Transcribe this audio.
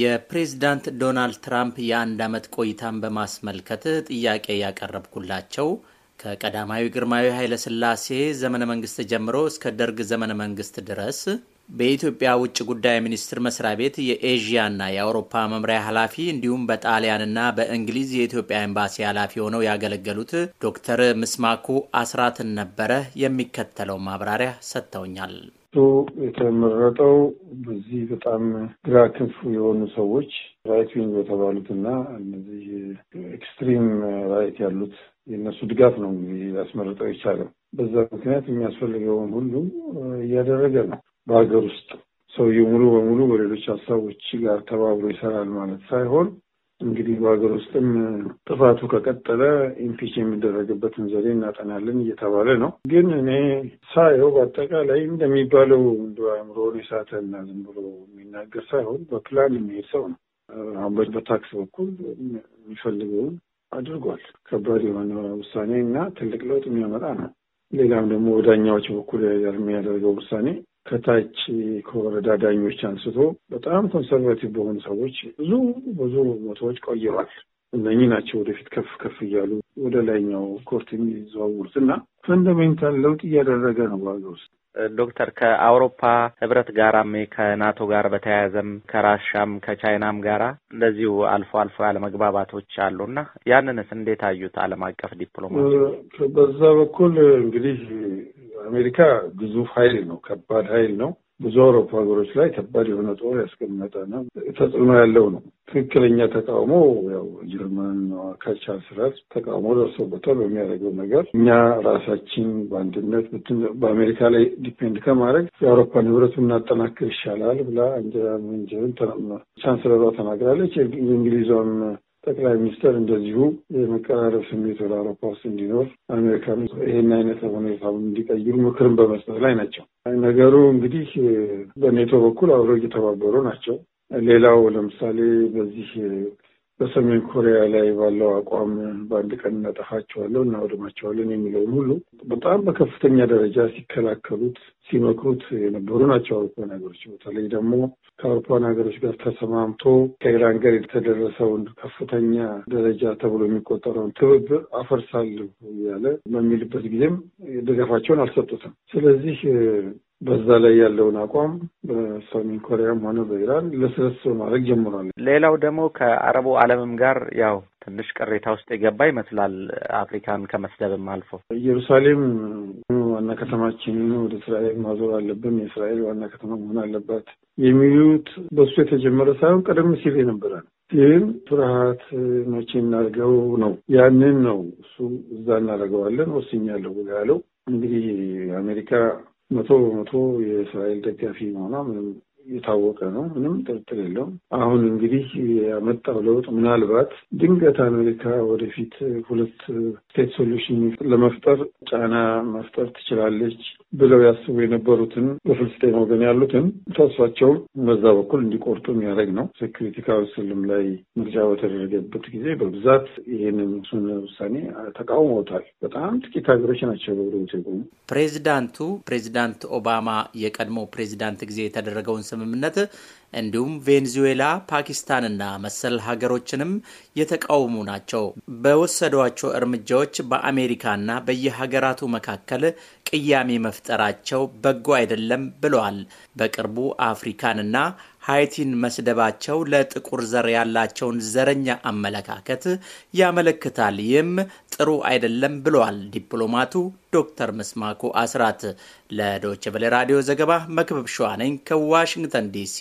የፕሬዝዳንት ዶናልድ ትራምፕ የአንድ ዓመት ቆይታን በማስመልከት ጥያቄ ያቀረብኩላቸው ከቀዳማዊ ግርማዊ ሥላሴ ዘመነ መንግሥት ጀምሮ እስከ ደርግ ዘመነ መንግስት ድረስ በኢትዮጵያ ውጭ ጉዳይ ሚኒስትር መስሪያ ቤት የኤዥያና የአውሮፓ መምሪያ ኃላፊ እንዲሁም በጣሊያንና በእንግሊዝ የኢትዮጵያ ኤምባሲ ኃላፊ ሆነው ያገለገሉት ዶክተር ምስማኩ አስራትን ነበረ የሚከተለው ማብራሪያ ሰጥተውኛል። የተመረጠው በዚህ በጣም ግራ ክንፉ የሆኑ ሰዎች ራይት ዊንግ በተባሉት እና እነዚህ ኤክስትሪም ራይት ያሉት የእነሱ ድጋፍ ነው እንግዲህ ያስመረጠው የቻለው። በዛ ምክንያት የሚያስፈልገውን ሁሉ እያደረገ ነው። በሀገር ውስጥ ሰውየው ሙሉ በሙሉ በሌሎች ሀሳቦች ጋር ተባብሮ ይሰራል ማለት ሳይሆን እንግዲህ በሀገር ውስጥም ጥፋቱ ከቀጠለ ኢምፒች የሚደረግበትን ዘዴ እናጠናለን እየተባለ ነው። ግን እኔ ሳየው በአጠቃላይ እንደሚባለው እንዲ አእምሮን የሳተና ዝም ብሎ የሚናገር ሳይሆን በፕላን የሚሄድ ሰው ነው። አሁን በታክስ በኩል የሚፈልገውን አድርጓል። ከባድ የሆነ ውሳኔ እና ትልቅ ለውጥ የሚያመጣ ነው። ሌላም ደግሞ ወዳኛዎች በኩል የሚያደርገው ውሳኔ ከታች ከወረዳ ዳኞች አንስቶ በጣም ኮንሰርቫቲቭ በሆኑ ሰዎች ብዙ ብዙ ቦታዎች ቆይሯል። እነኚህ ናቸው ወደፊት ከፍ ከፍ እያሉ ወደ ላይኛው ኮርት የሚዘዋውሩት እና ፈንደሜንታል ለውጥ እያደረገ ነው በሀገር ውስጥ። ዶክተር ከአውሮፓ ህብረት ጋራም ከናቶ ጋር በተያያዘም ከራሻም ከቻይናም ጋራ እንደዚሁ አልፎ አልፎ ያለመግባባቶች እና ያንንስ እንዴት አዩት? ዓለም አቀፍ ዲፕሎማሲ በዛ በኩል እንግዲህ አሜሪካ ግዙፍ ኃይል ነው። ከባድ ኃይል ነው። ብዙ አውሮፓ ሀገሮች ላይ ከባድ የሆነ ጦር ያስቀመጠ ነው። ተጽዕኖ ያለው ነው። ትክክለኛ ተቃውሞ ያው ጀርመን ካልቻል ተቃውሞ ደርሶበታል በሚያደርገው ነገር እኛ ራሳችን በአንድነት በአሜሪካ ላይ ዲፔንድ ከማድረግ የአውሮፓ ንብረት እናጠናክር ይሻላል ብላ አንጀላ ቻንስለሯ ተናግራለች። የእንግሊዟም ጠቅላይ ሚኒስትር እንደዚሁ የመቀራረብ ስሜት ወደ አውሮፓ ውስጥ እንዲኖር አሜሪካን ይህን አይነት ሁኔታ እንዲቀይሩ ምክርን በመስጠት ላይ ናቸው። ነገሩ እንግዲህ በኔቶ በኩል አብረው እየተባበሩ ናቸው። ሌላው ለምሳሌ በዚህ በሰሜን ኮሪያ ላይ ባለው አቋም በአንድ ቀን እናጠፋቸዋለን፣ እናወድማቸዋለን የሚለውን ሁሉ በጣም በከፍተኛ ደረጃ ሲከላከሉት፣ ሲመክሩት የነበሩ ናቸው አውሮፓን ሀገሮች። በተለይ ደግሞ ከአውሮፓን ሀገሮች ጋር ተሰማምቶ ከኢራን ጋር የተደረሰውን ከፍተኛ ደረጃ ተብሎ የሚቆጠረውን ትብብር አፈርሳለሁ እያለ በሚልበት ጊዜም ድጋፋቸውን አልሰጡትም። ስለዚህ በዛ ላይ ያለውን አቋም በሰሜን ኮሪያም ሆነ በኢራን ለስለስ ማድረግ ጀምሯል። ሌላው ደግሞ ከአረቡ ዓለምም ጋር ያው ትንሽ ቅሬታ ውስጥ የገባ ይመስላል። አፍሪካን ከመስደብም አልፎ ኢየሩሳሌም ዋና ከተማችንን ወደ እስራኤል ማዞር አለብን፣ የእስራኤል ዋና ከተማ መሆን አለባት የሚሉት በሱ የተጀመረ ሳይሆን ቀደም ሲል የነበረ ነው። ይህም ፍርሃት መቼ እናድርገው ነው። ያንን ነው እሱ እዛ እናደርገዋለን ወስኛለሁ ያለው እንግዲህ አሜሪካ Notre, notre, il y a, ça en የታወቀ ነው። ምንም ጥርጥር የለውም። አሁን እንግዲህ ያመጣው ለውጥ ምናልባት ድንገት አሜሪካ ወደፊት ሁለት ስቴት ሶሉሽን ለመፍጠር ጫና መፍጠር ትችላለች ብለው ያስቡ የነበሩትን በፍልስጤን ወገን ያሉትን ተስፋቸው በዛ በኩል እንዲቆርጡ የሚያደርግ ነው። ሴኩሪቲ ካውንስልም ላይ ምርጫ በተደረገበት ጊዜ በብዛት ይህንን እሱን ውሳኔ ተቃውሞታል በጣም ጥቂት ሀገሮች ናቸው በብረት የቆሙ። ፕሬዚዳንቱ ፕሬዚዳንት ኦባማ የቀድሞ ፕሬዚዳንት ጊዜ የተደረገውን ስምምነት እንዲሁም ቬንዙዌላ፣ ፓኪስታንና መሰል ሀገሮችንም የተቃወሙ ናቸው። በወሰዷቸው እርምጃዎች በአሜሪካና በየሀገራቱ መካከል ቅያሜ መፍጠራቸው በጎ አይደለም ብለዋል። በቅርቡ አፍሪካንና ሀይቲን መስደባቸው ለጥቁር ዘር ያላቸውን ዘረኛ አመለካከት ያመለክታል፣ ይህም ጥሩ አይደለም ብለዋል ዲፕሎማቱ ዶክተር ምስማኩ አስራት። ለዶይቼ ቬለ ራዲዮ ዘገባ መክበብ ሸዋነኝ ከዋሽንግተን ዲሲ